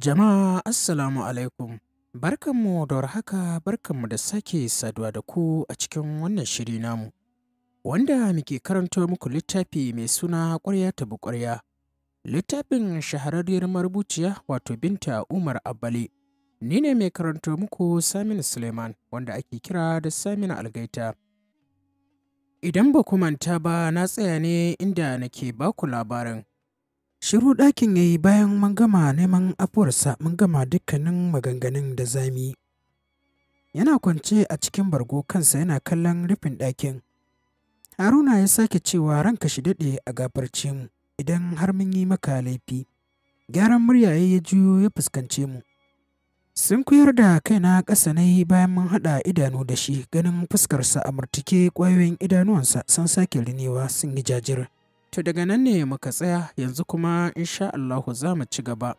Jama'a Assalamu alaikum, barkanmu da warhaka barkanmu da sake saduwa da ku a cikin wannan shiri namu, wanda muke karanto muku littafi mai suna ƙwarya ta ƙwarya. Littafin shahararriyar marubuciya wato Binta Umar Abbali, Ni ne mai karanto muku Saminu Suleiman wanda ake kira da Saminu Algaita. Idan ba manta ba na tsaya ne inda nake ba ku labarin. Shiru ɗakin ya yi bayan mun neman afuwarsa mun gama dukkanin maganganun da zami. Yana kwance a cikin bargo kansa yana kallon rufin ɗakin. Haruna ya sake cewa ranka shi daɗe a gafarce mu idan har mun yi maka laifi. Gyaran murya ya juyo ya fuskance mu. Sun kuyar da kaina ƙasa na yi bayan mun haɗa idanu da shi ganin fuskarsa a murtuke ƙwayoyin idanuwansa sun sake rinewa sun yi jajir. To daga nan ne muka tsaya yanzu kuma insha Allahu za mu ci gaba.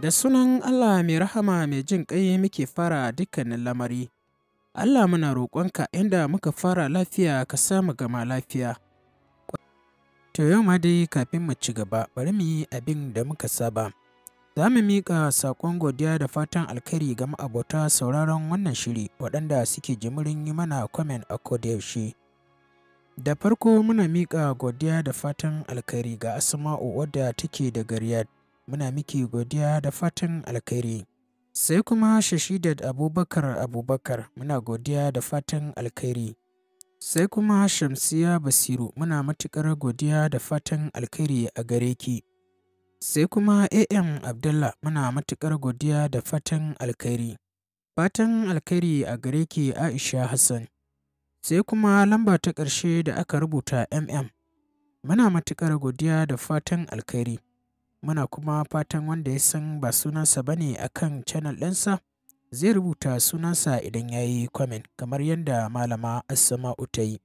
Da sunan Allah mai rahama mai jin ƙai muke fara dukkanin lamari. Allah muna roƙonka inda muka fara lafiya ka samu gama lafiya. To yau ma dai kafin mu ci gaba bari mu yi abin da muka saba. Za mu miƙa saƙon godiya da fatan alkhairi ga ma'abota sauraron wannan shiri waɗanda suke jimirin yi mana kwamen a kodayaushe. Da farko muna mika godiya da fatan alkhairi ga Asma'u wadda take da Riyadh. Muna miki godiya da fatan alkhairi. Sai kuma Shashidat Abubakar Abubakar muna godiya da fatan alkhairi. Sai kuma Shamsiyya Basiru muna matuƙar godiya da fatan alkhairi a gare ki. Sai kuma AM Abdullah muna matuƙar godiya da fatan alkhairi. Fatan alkhairi a gare ki Aisha Hassan. Sai kuma lamba ta ƙarshe da aka rubuta MM. Muna matuƙar godiya da fatan alkhairi. Muna kuma fatan wanda ya san ba sunansa ba ne a kan ɗinsa, zai rubuta sunansa idan ya yi kwamen kamar yadda malama Assama'u ta yi.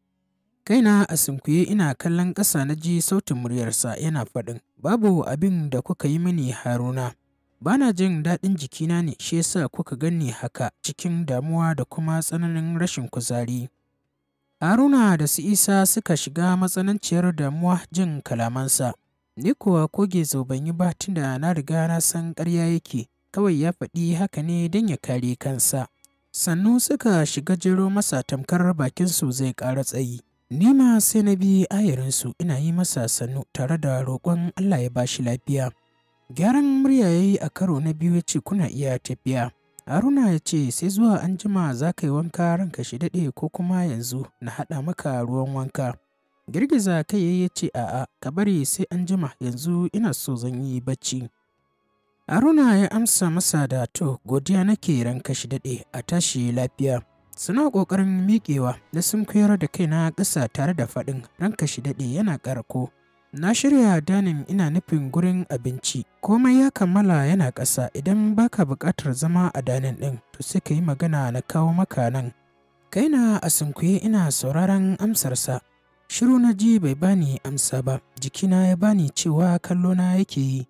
Kaina a sunkuye ina kallon ƙasa na ji sautin muryarsa yana faɗin, babu abin da kuka yi mini haruna. Bana jin daɗin jikina ne shi yasa kuka ganni haka cikin damuwa da kuma tsananin rashin kuzari. Haruna da su Isa suka shiga matsananciyar damuwa jin kalamansa. Ni kuwa koge zo ban yi ba tunda na riga na san ƙarya yake. kawai ya faɗi haka ne don ya kare kansa. Sannu suka shiga jiro masa tamkar bakin su zai ƙara tsayi. Nima sai na bi ayarinsu ina yi masa sannu tare da roƙon Allah ya bashi lafiya. Gyaran murya ya yi a karo na biyu ya ce kuna iya tafiya. Haruna ya ce sai zuwa an jima za ka yi wanka ranka shi daɗe ko kuma yanzu na haɗa maka ruwan wanka. Girgiza kai ya ce a'a ka bari sai an jima yanzu ina so zan yi bacci. Haruna ya amsa masa da to godiya nake ranka shi daɗe a tashi lafiya. Suna ƙoƙarin miƙewa na sunkuyar da kaina ƙasa tare da faɗin ranka shi daɗe yana ƙarko. Na shirya danin ina nufin gurin abinci, komai ya kammala yana ƙasa idan baka buƙatar zama a danin ɗin to sai ka yi magana na kawo maka nan. Kaina a sunkuye ina sauraron amsarsa. Shiru na ji bai bani amsa ba, jikina ya bani cewa kallona yake yi.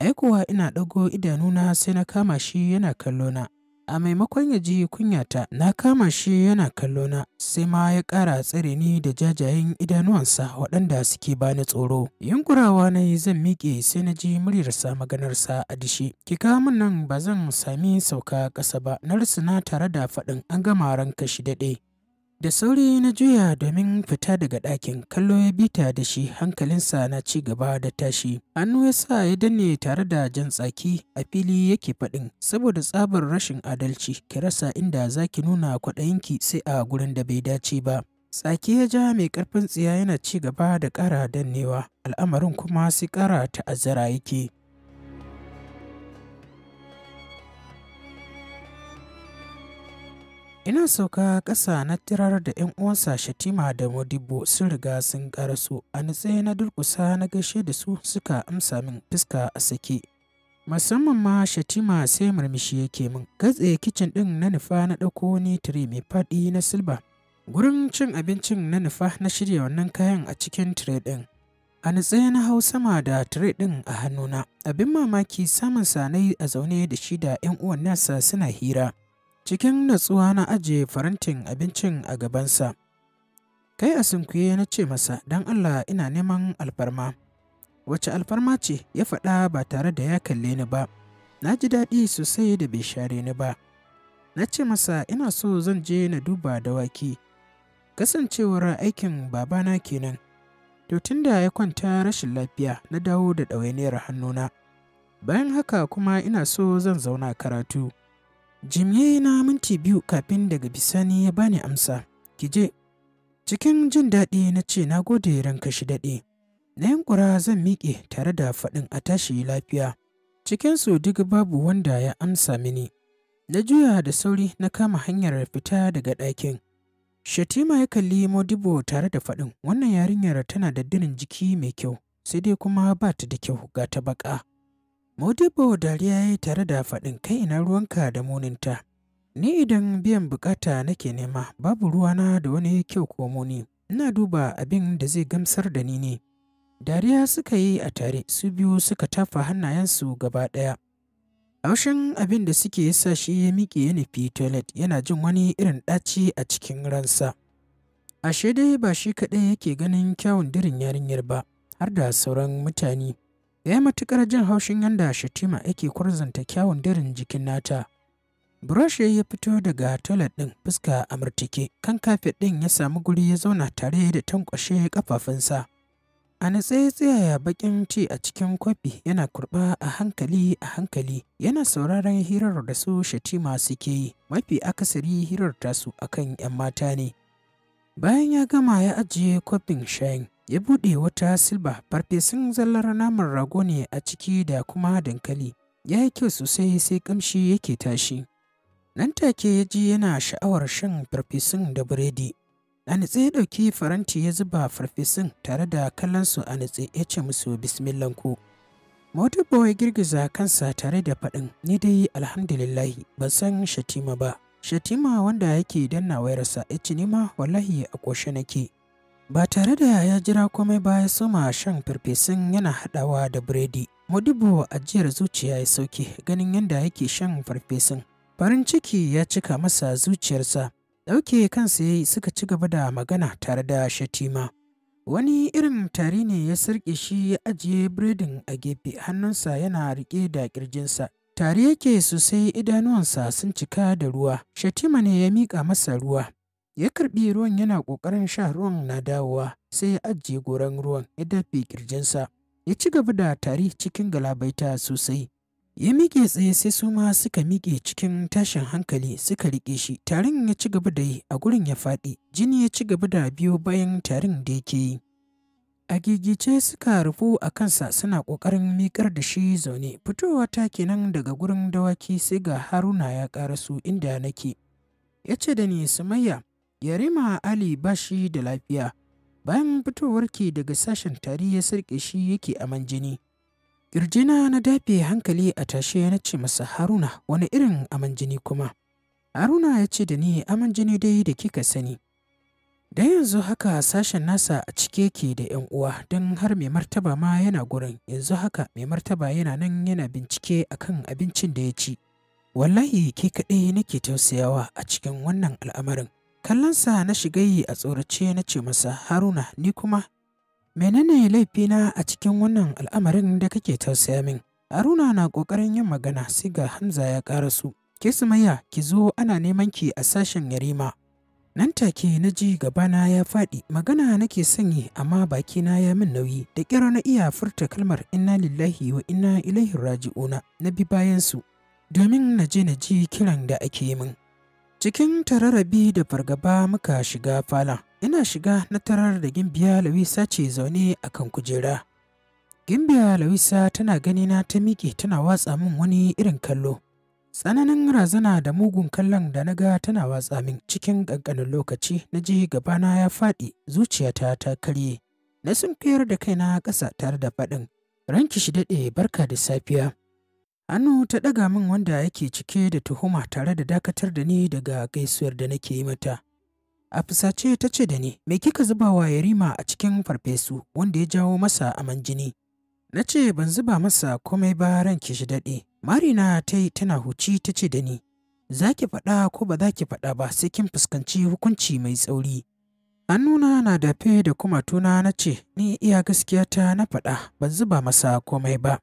Ai kuwa ina ɗago idanuna sai na kama shi yana kallona. A maimakon ya ji kunyata, na kama shi yana kallo na, sai ma ya ƙara tsare ni da jajayen idanuwansa waɗanda suke bani tsoro. Yunkurawa na yi zan miƙe sai na ji muryarsa maganarsa a dishi. Ki kawo min nan ba zan sami sauka ƙasa ba, na rusuna tare da faɗin an gama ranka shi daɗe. Da sauri na juya domin fita daga ɗakin kallo ya bita da shi hankalinsa na ci gaba da tashi. Hannu ya sa ya danne tare da jan tsaki a fili yake faɗin saboda tsabar rashin adalci ki rasa inda za ki nuna kwaɗayinki sai a gurin da bai dace ba. Tsaki ya ja mai ƙarfin tsiya yana ci gaba da ƙara dannewa al'amarin kuma sai ƙara ta'azzara yake. Ina sauka ƙasa na tirar da 'yan uwansa Shatima da Modibo sun riga sun karasu a nutse na durkusa na gaishe da su suka amsa min fuska a sake. Musamman ma Shatima sai murmushi yake min, gatse kicin ɗin na nufa na ɗauko ni tire mai faɗi na silba. Gurin cin abincin na nufa na shirya wannan kayan a cikin tire ɗin. A nutse na hau sama da tire ɗin a hannuna, abin mamaki samun sanai a zaune da shi da 'yan uwan nasa suna hira. Cikin natsuwa na ajiye farantin abincin a gabansa. Kai a sunkuye na ce masa, don Allah ina neman alfarma. Wace alfarma ce ya faɗa ba tare da ya kalle ni ba. Na ji daɗi sosai da bai share ni ba. Na ce masa ina so zan je na duba dawaki. Kasancewar aikin babana kenan. To tunda ya kwanta rashin lafiya na dawo da ɗawainiyar hannuna. Bayan haka kuma ina so zan zauna karatu. Jim ya yi na minti biyu kafin daga bisani ya bani amsa, ki je. Cikin jin daɗi na ce na gode ranka shi daɗe. Na yankura zan miƙe tare da faɗin a tashi lafiya. Cikinsu duk babu wanda ya amsa mini. Na juya da sauri na kama hanyar fita daga ɗakin. Shatima ya kalli Modibo tare da faɗin wannan yarinyar tana da dirin jiki mai kyau, sai dai kuma ba ta da kyau ga ta baƙa. Modibo dariya ya yi tare da faɗin kai ina ruwanka da muninta. Ni idan biyan bukata nake nema babu ruwana da wani kyau ko muni, ina duba abin da zai gamsar da ni ne. Dariya suka yi a tare su biyu suka tafa hannayensu gaba ɗaya. Haushin abin da suke sa shi ya miƙe ya nufi toilet yana jin wani irin ɗaci a cikin ransa. Ashe dai ba shi kaɗai yake ganin kyawun dirin yarinyar ba, har da sauran mutane. Ya matuƙar jin haushin yadda Shatima yake kwarzanta kyawun dirin jikin nata. Burosh ya fito daga toilet ɗin fuska a murtike, kan kafet ɗin ya samu guri ya zauna tare da tankwashe ƙafafunsa. A natsaye ya tsaya bakin ci a cikin kwafi yana kurɓa a hankali a hankali yana sauraron hirar da su shatima suke yi mafi akasari hirar tasu akan 'yan mata ne. Bayan ya gama ya ajiye kwafin shayin ya buɗe wata silba farfesun zallar naman rago ne a ciki da kuma dankali ya yi kyau sosai sai ƙamshi yake tashi nan take ya ji yana sha'awar shan farfesun da biredi a nutse ya ɗauki faranti ya zuba farfesun tare da kallonsu a nutse ya ce musu bismillan ku Modibo ya girgiza kansa tare da faɗin ni dai alhamdulillahi ban san shatima ba shatima wanda yake danna wayarsa ya ce ni ma wallahi a ƙoshe nake Ba tare da ya jira komai ba ya soma shan farfesun yana haɗawa da biredi. Modibo ajiyar zuciya ya sauke ganin yadda yake shan farfesun. Farin ciki ya cika masa zuciyarsa. Ɗauke kansa ya yi suka ci gaba da magana tare da shatima. Wani irin tari ne ya sarƙe shi ya ajiye biredin a gefe hannunsa yana riƙe da ƙirjinsa. Tari yake sosai idanuwansa sun cika da ruwa. Shatima ne ya miƙa masa ruwa. ya karɓi ruwan yana ƙoƙarin sha ruwan na dawowa sai ya ajiye goran ruwan ya dafe ƙirjinsa ya ci gaba da tari cikin galabaita sosai ya miƙe tsaye sai su ma suka miƙe cikin tashin hankali suka riƙe shi tarin ya ci gaba da yi a gurin ya faɗi jini ya ci gaba da biyo bayan tarin da yake yi a gigice suka rufu a kansa suna ƙoƙarin miƙar da shi zaune fitowa ta kenan daga gurin dawaki sai ga haruna ya su inda nake ya ce da ni sumayya Yarima Ali bashi da lafiya. Bayan fitowarki daga sashen tari ya sarƙe shi yake aman jini. Ƙirjina na dafe hankali a tashe na ce masa Haruna wani irin aman jini kuma. Haruna ya ce da ni aman jini dai da kika sani. Da yanzu haka sashen nasa a cike ke da 'yan uwa don har mai martaba ma yana gurin yanzu haka mai martaba yana nan yana bincike akan abincin da ya ci. Wallahi ke kaɗai nake tausayawa a cikin wannan al'amarin. Kallonsa na shiga yi a tsorace na ce masa, Haruna, ni kuma, menene laifina a cikin wannan al'amarin da kake tausaya min? Haruna na ƙoƙarin yin magana sai ga Hamza ya ƙarasu. Ke Sumayya, ki zo ana neman ki a sashen Yarima. Nan take na ji gabana ya faɗi, magana nake sanyi amma bakina ya min nauyi, da ƙira na iya furta kalmar inna lillahi wa inna ilaihi raji'una na bi bayansu, domin na je na ji kiran da ake min. Cikin tararrabi da fargaba muka shiga falon, ina shiga na tarar da gimbiya Lawisa ce zaune a kan kujera. Gimbiya Lawisa tana ganina ta miƙe tana watsa min wani irin kallo. Tsananin razana da mugun kallon da na ga tana watsa min cikin ƙanƙanin lokaci na ji gabana ya faɗi zuciyata ta karye. Na sunkuyar da kaina ƙasa tare da faɗin, ranki shi daɗe barka da safiya. Hannu ta ɗaga min wanda yake cike da tuhuma tare da dakatar da ni daga gaisuwar da nake yi mata. A fusace ta ce da ni, me kika zuba wa Yarima a cikin farfesu wanda ya jawo masa aman jini? Na ce ban zuba masa komai ba ranki shi daɗe. Marina ta yi tana huci ta ce da ni, za ki faɗa ko ba za ki faɗa ba sai kin fuskanci hukunci mai tsauri. Hannuna na dafe da kumatuna na ce, ni iya gaskiyata na faɗa ban zuba masa komai ba.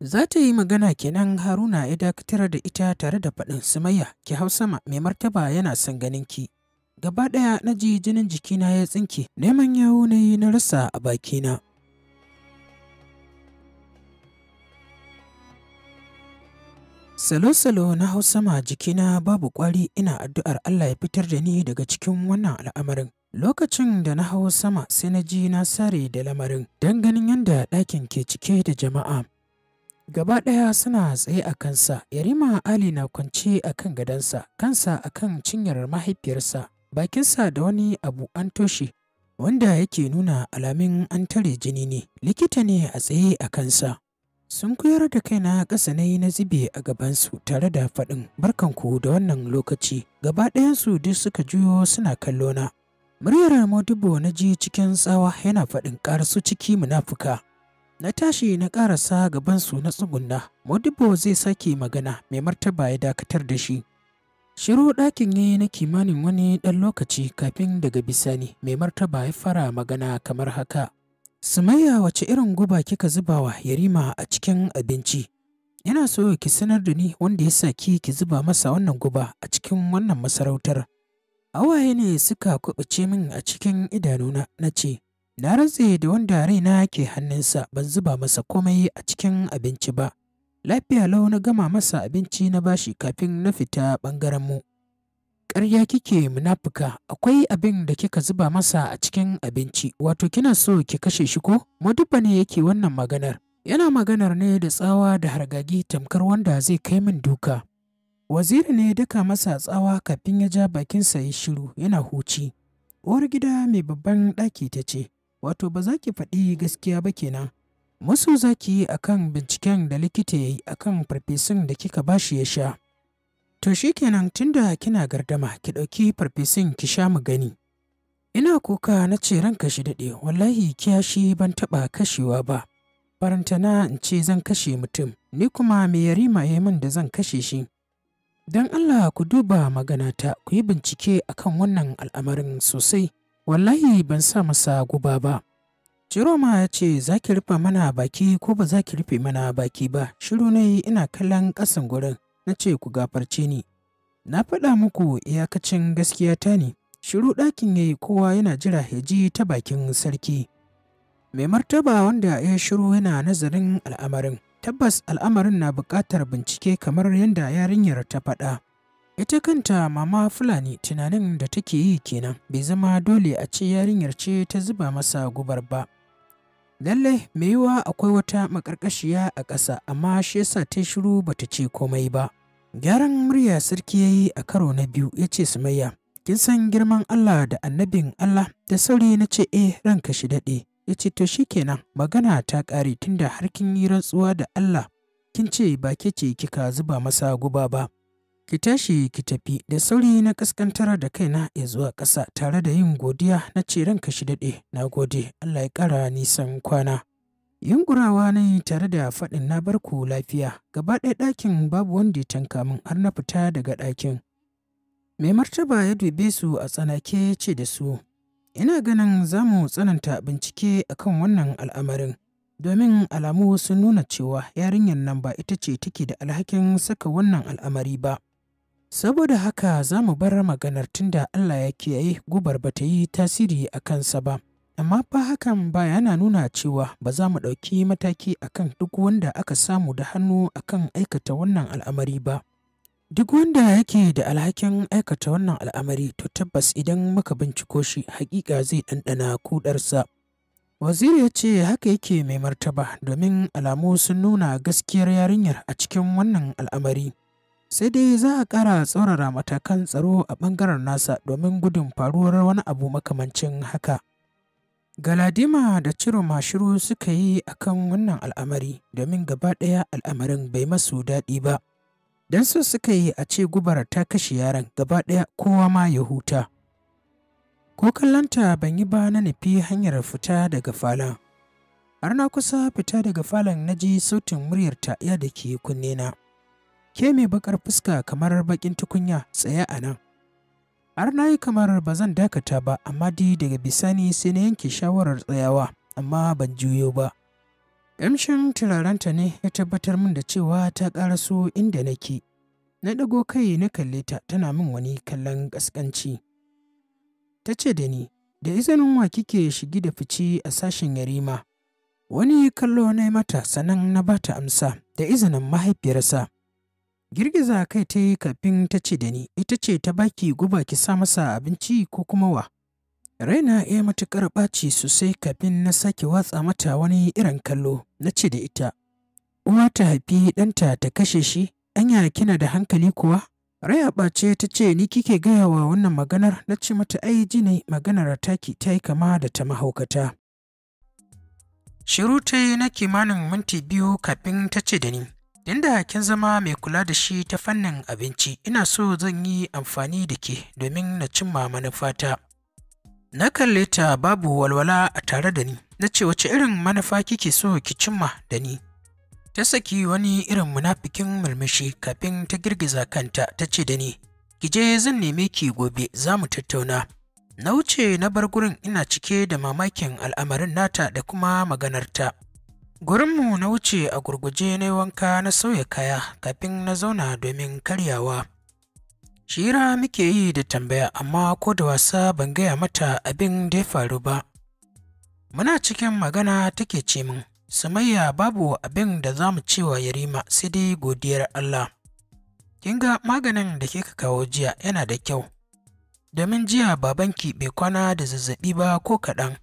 Za ta yi magana kenan Haruna ya dakatar da ita tare da faɗin Sumayya ki hau sama mai martaba yana son ganin ki. Gaba ɗaya na ji jinin jikina ya tsinke neman yawo na yi na rasa a bakina. Salo-salo na hau sama jikina babu ƙwari ina addu'ar Allah ya fitar da ni daga cikin wannan al'amarin. Lokacin da na hau sama sai na ji na sare da lamarin don ganin yadda ɗakin ke cike da jama'a. gaba ɗaya suna tsaye a kansa yarima ali na kwance a kan gadonsa kansa a kan cinyar mahaifiyarsa bakinsa da wani abu an toshe wanda yake nuna alamin an tare jini ne likita ne a tsaye a kansa sun koyar da kaina ƙasa na yi na zube a gabansu tare da faɗin barkanku da wannan lokaci gaba ɗayansu duk suka juyo suna kallona muryar modibo na ji cikin tsawa yana faɗin ƙarasu ciki munafuka Na tashi na ƙarasa gabansu na tsugunna, Modibo zai sake magana mai martaba ya dakatar da shi. Shiru ɗakin ne na kimanin wani ɗan lokaci kafin daga bisani mai martaba ya fara magana kamar haka. Sumayya wace irin guba kika zubawa yarima a cikin abinci? Yana so ki sanar da ni wanda ya sa ki ki zuba masa wannan guba a cikin wannan masarautar. Awaye ne suka kuɓuce min a cikin idanuna na ce, Na rantse da wanda raina ke hannunsa ban zuba masa komai a cikin abinci ba. Lafiya lau na gama masa abinci na bashi kafin na fita ɓangaren mu. Ƙarya kike munafuka akwai abin da kika zuba masa a cikin abinci wato kina so ki kashe shi ko? Modibba ne yake wannan maganar. Yana maganar ne da tsawa da hargagi tamkar wanda zai kai min duka. Waziri ne daka masa tsawa kafin ya ja bakinsa ya shiru yana huci. Uwar gida mai babban ɗaki ta ce, wato ba za ki faɗi gaskiya ba kenan musu za ki yi akan binciken da likita ya yi akan farfesun da kika ba shi ya sha to shi tun tunda kina gardama ki ɗauki farfesun ki sha mu gani ina kuka na ce ranka shi daɗe wallahi kiyashi ban taɓa kashewa ba barantana in ce zan kashe mutum ni kuma me yarima ya min da zan kashe shi don allah ku duba maganata ku yi bincike akan wannan al'amarin sosai wallahi ban sa masa guba ba. Jiroma ya ce za ki rufe mana baki ko ba za ki rufe mana baki ba, shiru na yi ina kallon ƙasan gurin, na ce ku gafarce ni. Na faɗa muku iyakacin gaskiya ta ne, shiru ɗakin ya yi kowa yana jira heji ta bakin sarki. Mai martaba wanda ya shiru yana nazarin al'amarin, tabbas al'amarin na buƙatar bincike kamar yadda yarinyar ta faɗa. Ita kanta mama Fulani tunanin da take yi kenan bai zama dole a ce yarinyar ce ta zuba masa gubar ba. Lallai mai yiwa akwai wata makarkashiya a ƙasa amma shi yasa ta shiru bata ce komai ba. Gyaran murya sarki ya yi a karo na biyu ya ce Sumayya, kin san girman Allah da annabin Allah da sauri na ce eh ranka shi daɗe. Ya ce to kenan magana ta ƙare tunda har kin yi rantsuwa da Allah kin ce ba ke ce kika zuba masa guba ba. ki tashi ki tafi da sauri na kaskantar da kaina ya zuwa ƙasa tare da yin godiya na ce ranka shi daɗe na gode allah ya ƙara nisan kwana yungurawa na yi tare da faɗin na barku lafiya gaba ɗaya ɗakin babu wanda ya tanka min har na fita daga ɗakin mai martaba ya dube su a tsanake ya ce da su ina ganin za mu tsananta bincike akan wannan al'amarin domin alamu sun nuna cewa yarinyar nan ba ita ce take da alhakin saka wannan al'amari ba Saboda haka za mu bar maganar tunda Allah ya kiyaye gubar ba ta yi tasiri a kansa ba. Amma fa hakan ba yana nuna cewa ba za mu ɗauki mataki akan duk wanda aka samu da hannu akan aikata wannan al'amari ba. Duk wanda yake da alhakin aikata wannan al'amari to tabbas idan muka binciko shi hakika zai ɗanɗana kuɗarsa. Waziri ya ce haka yake mai martaba domin alamu sun nuna gaskiyar yarinyar a cikin wannan al'amari. sai dai za a ƙara tsaurara matakan tsaro a ɓangaren nasa domin gudun faruwar wani abu makamancin haka galadima da ciro mashiru suka yi kan wannan al'amari domin gaba ɗaya al'amarin bai masu daɗi ba don su suka yi a ce gubara ta kashe yaron gaba ɗaya kowa ma ya huta ko kallonta ban yi ba na nufi hanyar fita daga falon har na kusa fita daga falon na ji sautin muryarta ya da ke kunnena. na ke mai bakar fuska kamar bakin tukunya tsaye a nan. Har na yi kamar ba zan dakata ba, amma dai daga bisani sai na yanke shawarar tsayawa, amma ban juyo ba. Ƙamshin turarenta ne ya tabbatar min da cewa ta ƙaraso inda nake. Na ɗago kai na kalle ta tana min wani kallon ƙasƙanci. Ta ce da ni, da izinin wa kike shigi da fice a sashen yarima. Wani kallo na mata sannan na bata amsa da izinin mahaifiyarsa. Girgiza kai ta yi kafin ta ce da ni, ita ce ta baki guba ki sa masa abinci ko kuma wa. Raina ya matukar ɓaci sosai kafin na sake watsa mata wani irin kallo, na ce da ita. Uwa ta haifi ɗanta ta kashe shi, anya kina da hankali kuwa? a ɓace ta ce ni kike gaya wa wannan maganar na ce mata ai ji ne maganar taki ta yi kama da ta mahaukata. Shiru ta yi na kimanin minti biyu kafin ta ce da ni. Inda kin zama mai kula da shi ta fannin abinci, ina so zan yi amfani da ke domin na cimma manufata. Na kalle ta babu walwala a tare da ni, na ce wace irin manufa kike so ki cimma da ni. Ta saki wani irin munafikin murmushi kafin ta girgiza kanta ta ce da ni, ki je zan neme ki gobe za mu tattauna. Na wuce na bar gurin ina cike da mamakin al'amarin nata da kuma maganarta. Gurinmu na wuce a gurguje na wanka na sauya kaya kafin na zauna domin karyawa. Shira muke yi da tambaya amma ko da wasa ban gaya mata abin da ya faru ba. Muna cikin magana take ce min, Samayya babu abin da za mu cewa Yarima sai dai godiyar Allah. Kin ga maganin da kika kawo jiya yana da kyau. Domin jiya babanki bai kwana da zazzaɓi ba ko kaɗan.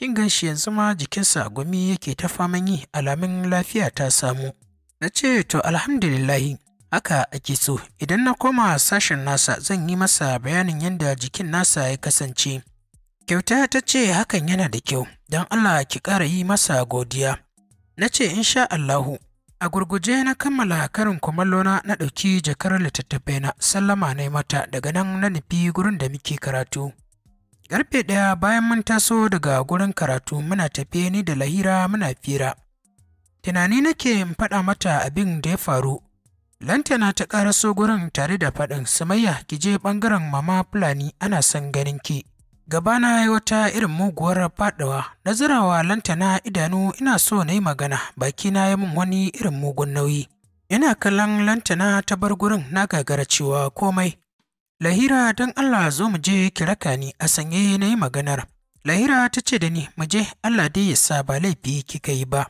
Kin gan shi yanzu ma jikinsa gumi yake ta faman yi alamin lafiya ta samu. Na ce to alhamdulillahi haka ake so idan na koma sashen nasa zan yi masa bayanin yadda jikin nasa ya kasance. Kyauta ta ce hakan yana da kyau don Allah ki ƙara yi masa godiya. Na ce sha Allahu a gurguje na kammala karin kumallo na na ɗauki jakar littattafai na sallama na mata daga nan na nufi gurin da muke karatu. Ƙarfe ɗaya bayan mun taso daga gurin karatu muna tafe ni da lahira muna fira. Tunani nake in faɗa mata abin da ya faru. Lantana ta ƙaraso gurin tare da faɗin samayya ki je ɓangaren mama Fulani ana son ganin ki. Gabana ya wata irin muguwar faɗawa, na zirawa lantana idanu ina so na yi magana, bakina ya min wani irin mugun nauyi. Ina kallon lantana ta bar gurin na gagara cewa komai. Lahira don Allah zo mu je ki raka ni a sanye na yi maganar. Lahira ta ce da ni mu je Allah dai ya sa ba laifi kika yi ba.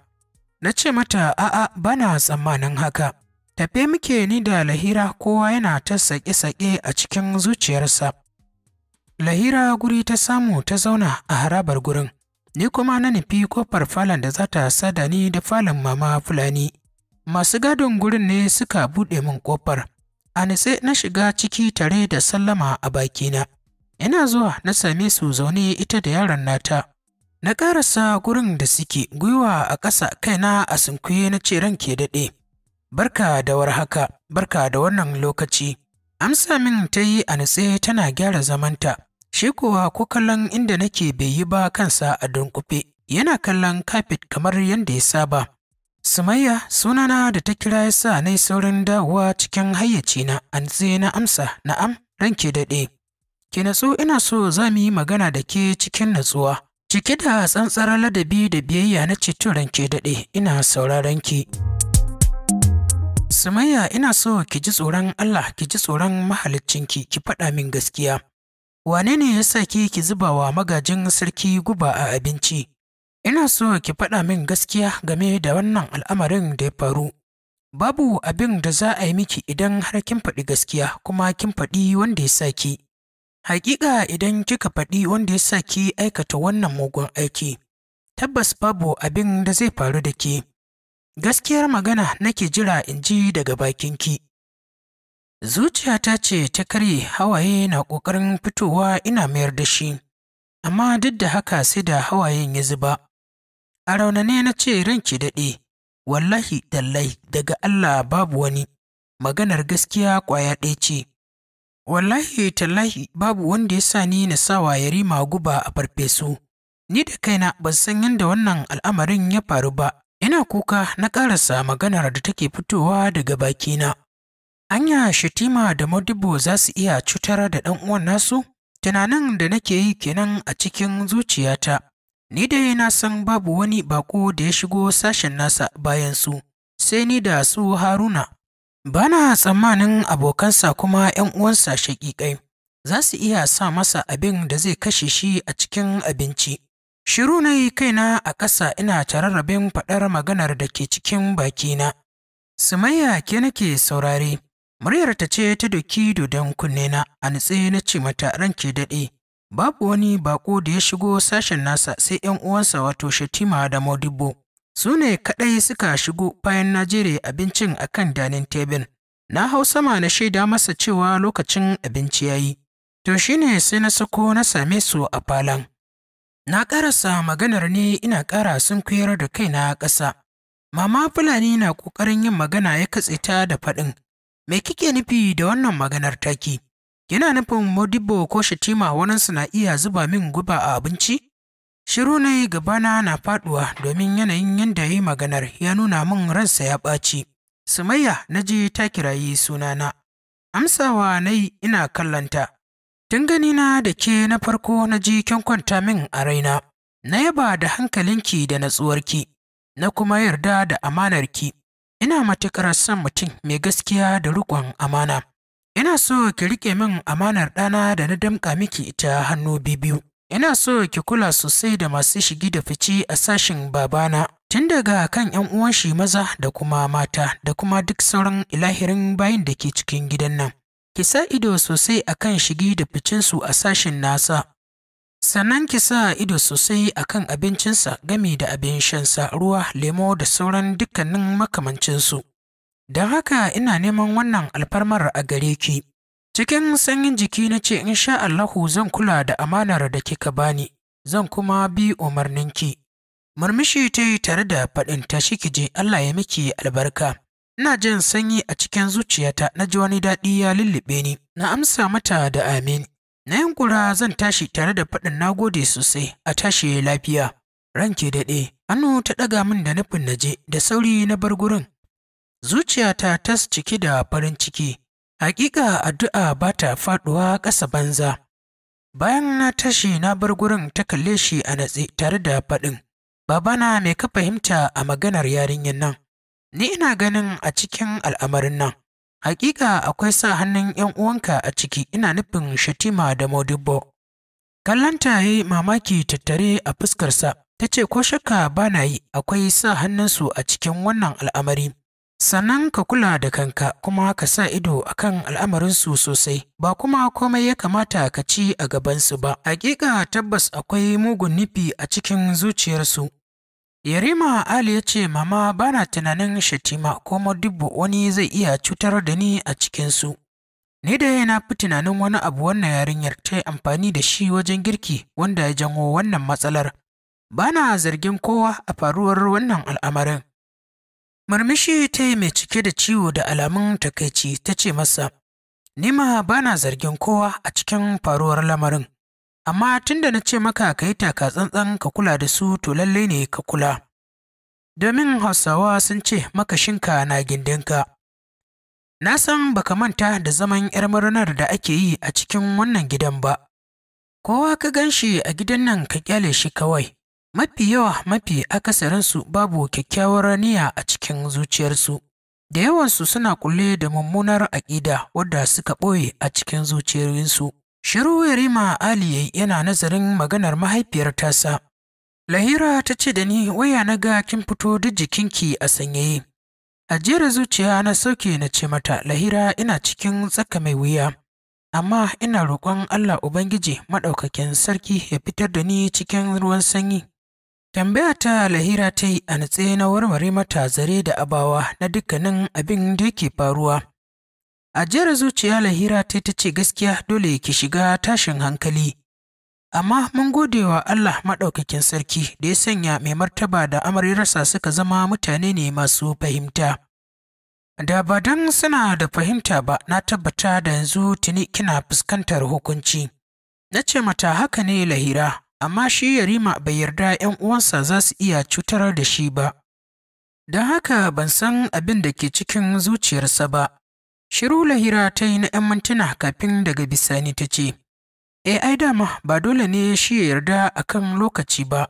Na ce mata a'a bana tsammanin haka. Tafe muke ni da Lahira kowa yana ta sake-sake a cikin zuciyarsa. Lahira guri ta samu ta zauna a harabar gurin. Ni kuma na nufi kofar falon da za ta sada ni da falon mama Fulani. Masu gadon gurin ne suka buɗe min kofar. A nitse na shiga ciki tare da sallama a bakina. Ina zuwa na same su zaune ita da yaron nata. Na ƙarasa gurin da suke gwiwa a ƙasa kaina a sunkuye na ce ran ke daɗe. Barka da warhaka, barka da wannan lokaci. Amsa min ta yi a nutse tana gyara zamanta, shi kuwa ko kallon inda nake bai yi ba kansa a dunkufe, yana kallon kafet kamar yadda ya saba. Sumayya sunana da ta kira ya sa na saurin dawowa cikin hayyacina an tsaye na amsa na'am ranke daɗe. Ki natsu ina so za mu yi magana da ke cikin natsuwa. Cike da tsantsar ladabi da biyayya na ce to ranke daɗe ina sauraron ki. Sumayya ina so ki ji tsoron Allah ki ji tsoron mahaliccinki ki faɗa min gaskiya. Wane ne ya sa ki ki zuba wa magajin sarki guba a abinci? Ina so ki faɗa min gaskiya game da wannan al'amarin da ya faru. Babu abin da za a yi miki idan har kin faɗi gaskiya kuma kin faɗi wanda ya sa ki. Hakika idan kika faɗi wanda ya sa ki aikata wannan mugun aiki, tabbas babu abin da zai faru da ke. Gaskiyar magana nake jira in ji daga bakinki. Zuciyata ce ta karye hawaye na ƙoƙarin fitowa ina mayar da shi, amma duk da haka sai da hawayen ya zuba. a raunane na ce ranki daɗe wallahi tallahi daga Allah babu wani maganar gaskiya ƙwaya ɗaya ce wallahi tallahi babu wanda ya sa ni na sawa ya rima guba a farfesu ni da kaina ban san yadda wannan al'amarin ya faru ba ina kuka na ƙarasa maganar da take fitowa daga bakina anya shatima da modibo za su iya cutar da ɗan uwan nasu tunanin da nake yi kenan a cikin zuciyata Ni dai na san babu wani bako da ya shigo sashen nasa bayan su, sai ni da su Haruna. Bana tsammanin abokansa kuma ‘yan uwansa shaƙiƙai za su iya sa masa abin da zai kashe shi a cikin abinci. Shiru na yi kaina a ƙasa ina tararrabin faɗar maganar da ke cikin bakina. Sumayya ke nake saurare, muryarta ce ta doki dodon na, a nutse na ce mata ranke daɗe. Babu wani bako da ya shigo sashen nasa sai 'yan uwansa wato Shatima da Modibo. Su ne kaɗai suka shigo bayan na jere abincin a kan danin tebin. Na hau sama na shaida masa cewa lokacin abinci ya yi. To shi ne sai na sako na same su a falon. Na ƙarasa maganar ne ina ƙara sun kuyar da kaina ƙasa. Mama Fulani na ƙoƙarin yin magana ya katse ta da faɗin. Me kike nufi da wannan maganar taki? Yana nufin Modibo ko Shatima waninsu na iya zuba min guba a abinci? Shiru ne gabana na faɗuwa, domin yanayin yadda yi maganar ya nuna min ransa ya ɓaci. Sumayya na ji ta kirayi sunana. Amsawa na yi ina kallanta. Tun ganina da ke na farko na ji kin kwanta min a raina. Na yaba da hankalinki da natsuwarki, na kuma yarda da amanarki. Ina matuƙar son mutum mai gaskiya da riƙon amana. ina so ki rike min amanar ɗana da na damƙa miki ita hannu biyu. Ina so ki kula sosai da masu shigi da fici a sashin babana, tun daga kan ‘yan uwan shi maza da kuma mata da kuma duk sauran ilahirin bayin da ke cikin gidan nan. Ki sa ido sosai a kan shigi da ficinsu a sashin nasa. Sannan ki sa ido sosai a kan abincinsa gami da abin shansa ruwa, lemo da sauran dukkanin makamancinsu. Don haka ina neman wannan alfarmar a gare ki. Cikin sanyin jiki na ce in sha Allahu zan kula da amanar da kika bani, zan kuma bi umarninki. Murmushi ta yi tare da faɗin ta shi je Allah ya miki albarka. Ina jin sanyi a cikin zuciyata na ji wani daɗi ya lullube ni, na amsa mata da amin. Na yankura zan tashi tare da faɗin na gode sosai a tashi lafiya. Ranke daɗe, hannu ta ɗaga min da nufin na je da sauri na bar gurin. zuciyata ta ciki da farin ciki, hakika addu'a ba ta faɗuwa ƙasa banza. Bayan na tashi na bar gurin ta kalle shi a natse tare da faɗin, babana mai ka fahimta a maganar yarinyar nan, ni ina ganin a cikin al'amarin nan. Hakika akwai sa hannun ‘yan uwanka a ciki ina nufin Shatima da Modibo. Kallanta yi mamaki tattare a fuskarsa, ta ce ko shakka ba na yi akwai sa hannunsu a cikin wannan al'amari. sannan ka kula da kanka kuma ka sa ido a akan al'amarinsu sosai ba kuma komai ya kamata ka ci a gabansu ba hakika tabbas akwai mugun nufi a cikin zuciyarsu yarima ali ya ce mama bana tunanin shatima ko Madubu wani zai iya cutar da ni a cikinsu ni da na fi tunanin wani abu wannan yarinyar ta yi amfani da shi wajen girki wanda ya janwo wannan matsalar bana zargin kowa a faruwar wannan al'amarin Murmushi ta yi mai cike da ciwo da alamun takaici ta ce masa, Nima ba na zargin kowa a cikin faruwar lamarin, amma tun da na ce maka ka yi taka tsantsan ka kula da su to lallai ne ka kula. Domin Hausawa sun ce makashinka na gindinka. Na san baka manta da zaman 'yar murnar da ake yi a cikin wannan gidan ba. Kowa ka gan shi a gidan nan ka kyale shi kawai, mafi yawa mafi akasarinsu babu kyakkyawar niyya a cikin zuciyarsu da yawansu suna kulle da mummunar aƙida wadda suka ɓoye a cikin zuciyoyinsu shiru yarima ali yana nazarin maganar mahaifiyar tasa lahira ta ce da ni waya na ga kin fito duk jikinki a sanyaye jera zuciya na sauke na ce mata lahira ina cikin tsaka mai wuya amma ina roƙon allah ubangiji maɗaukakin sarki ya fitar da ni cikin ruwan sanyi Tambaya ta Lahira ta yi a natse na warware mata zare da abawa na dukkanin abin da yake faruwa. A jera zuciya Lahira ta ta ce gaskiya dole ki shiga tashin hankali. Amma mun gode wa Allah maɗaukakin sarki da ya sanya mai martaba da amaryarsa suka zama mutane ne masu fahimta. Da ba don suna da fahimta ba na tabbata da yanzu tuni kina fuskantar hukunci. Na ce mata haka ne Lahira, amma shi Yarima bai yarda ‘yan uwansa za su iya cutar da shi ba. Don haka ban san abin da ke cikin zuciyarsa ba. Shiru lahira ta yi na ‘yan mintuna kafin daga bisani ta ce, E ai dama ba dole ne shi ya yarda a kan lokaci ba.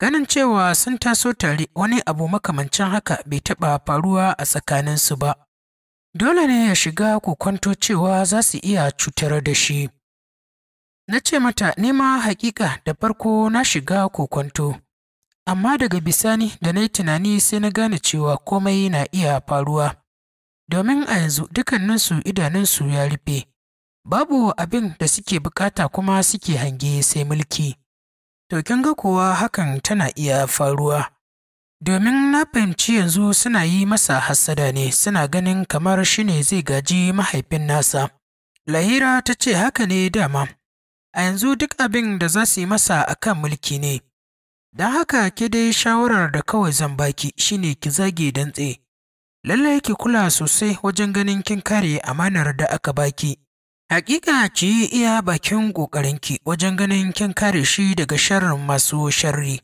Ganin cewa sun taso tare wani abu makamancin haka bai taɓa faruwa a tsakaninsu ba. Dole ne ya shiga kwanto cewa za su iya cutar da shi. Na ce mata nema hakika da farko na shiga kokonto, amma daga bisani da na yi tunani sai na gane cewa komai na iya faruwa, domin a yanzu dukkaninsu idanunsu ya rufe, babu abin da suke bukata kuma suke hange sai mulki. To kin ga kowa hakan tana iya faruwa. Domin na fahimci yanzu suna yi masa hassada ne suna ganin kamar shine zai gaji mahaifin nasa. Lahira ta ce haka ne dama, a yanzu duk abin da za su yi masa a kan mulki ne. Don haka ke dai shawarar da kawai zan baki shine ki zage dantse. Lallai ki kula sosai wajen ganin kin kare amanar da aka baki. Hakika ki yi iya bakin ƙoƙarinki wajen ganin kin kare shi daga sharrin masu sharri.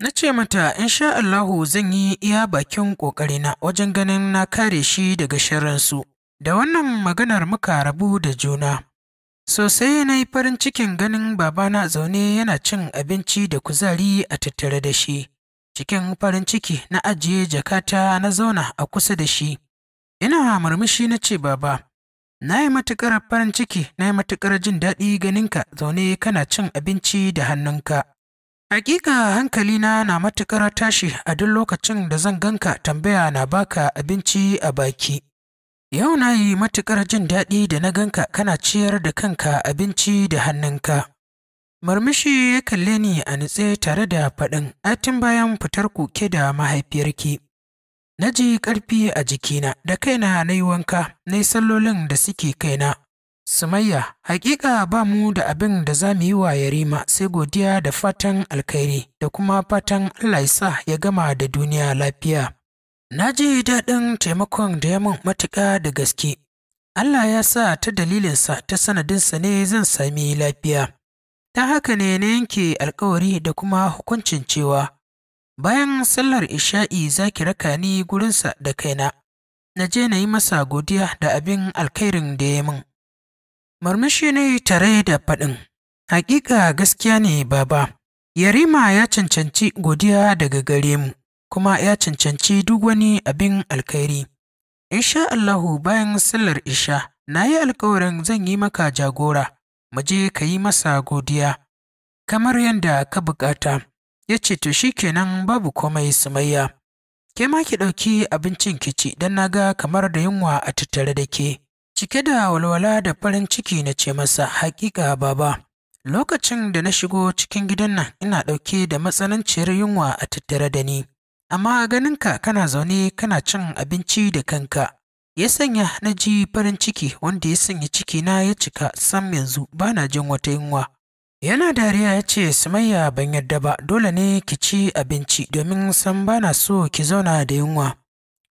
Na ce mata insha Allahu zan yi iya bakin ƙoƙarina wajen ganin na kare shi daga sharrinsu. Da wannan maganar muka rabu da juna. Sosai na yi farin cikin ganin babana zaune yana cin abinci da kuzari a tattare da shi. Cikin farin ciki na ajiye jakata na zauna a kusa da shi. Ina murmushi na ce baba, na yi matuƙar farin ciki na yi matuƙar jin daɗi ganinka zaune kana cin abinci da hannunka. Hakika hankalina na matuƙar tashi a duk lokacin da zan ganka tambaya na baka abinci a baki. Yau na yi matuƙar jin daɗi da na ganka kana ciyar da kanka abinci da hannunka. Marmishi ya kalle ni a nutse tare da faɗin atin bayan fitar kuke da mahaifiyarki. Na ji ƙarfi a jikina da kaina na yi wanka na yi sallolin da suke kaina. Sumayya, haƙiƙa ba mu da abin da za mu yi wa yarima sai godiya da fatan alkhairi da kuma fatan Allah ya sa ya gama da duniya lafiya. Na ji daɗin taimakon da ya mun matuƙa da gaske. Allah ya sa ta dalilinsa ta sanadinsa ne zan sami lafiya. Ta haka ne na yanke alkawari da kuma hukuncin cewa bayan sallar isha'i za ki raka ni gurinsa da kaina. Na je na yi masa godiya da abin alkhairin da ya min. Murmushi ne tare da faɗin. Hakika gaskiya ne baba. Yarima ya cancanci godiya daga gare mu. kuma ya cancanci duk wani abin alkhairi. Insha Allahu bayan sallar Isha, na yi alkawarin zan yi maka jagora, mu je ka yi masa godiya, kamar yadda ka bukata. Ya ce, To shi kenan babu komai sumayya. Ke ma ki ɗauki abincin ki ci don na ga kamar da yunwa a tattare da ke. Cike da walwala da farin ciki na ce masa, Hakika baba. Lokacin da na shigo cikin gidan nan ina ɗauke da matsananciyar yunwa a tattare da ni, amma ka, kana zaune kana cin abinci da kanka ya sanya na ji farin ciki wanda ya sanya ciki na ya cika sam yanzu ba na jin wata yunwa yana dariya ya ce sumayya ban yadda ba dole ne ki ci abinci domin san ba na so ki zauna da yunwa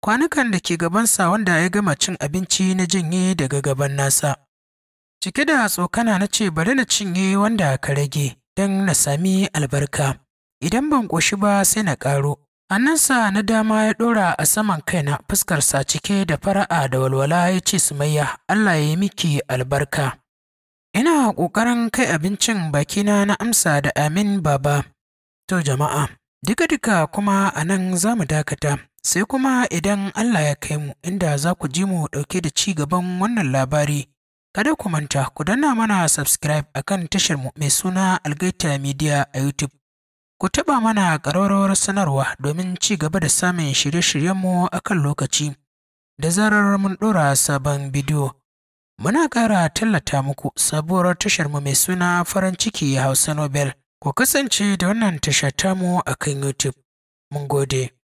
kwanukan da ke gabansa wanda ya gama cin abinci na janye daga gaban nasa cike da tsokana na ce bari na cinye wanda ka rage don na sami albarka idan ban ƙoshi ba sai na ƙaro Annansa na dama ya ɗora a saman kaina fuskarsa cike da fara'a da walwala ya ce su sumayya Allah ya yi miki albarka. Ina ƙoƙarin kai abincin bakina na amsa da amin baba. To jama'a, duka-duka kuma a nan za mu dakata, sai kuma idan Allah ya kai mu inda za ku ji mu ɗauke da ci gaban wannan labari. Kada ku manta ku danna mana subscribe akan tashar mu mai suna Algaita Media a YouTube. Ku taɓa mana ƙararrawar sanarwa domin ci gaba da samun shirye-shiryenmu a kan lokaci da zarar mun ɗora sabon bidiyo. Muna ƙara tallata muku sabuwar tashar mu mai suna farin ciki Hausa Nobel. Ku kasance da wannan tasha tamu a kan YouTube. Mun gode.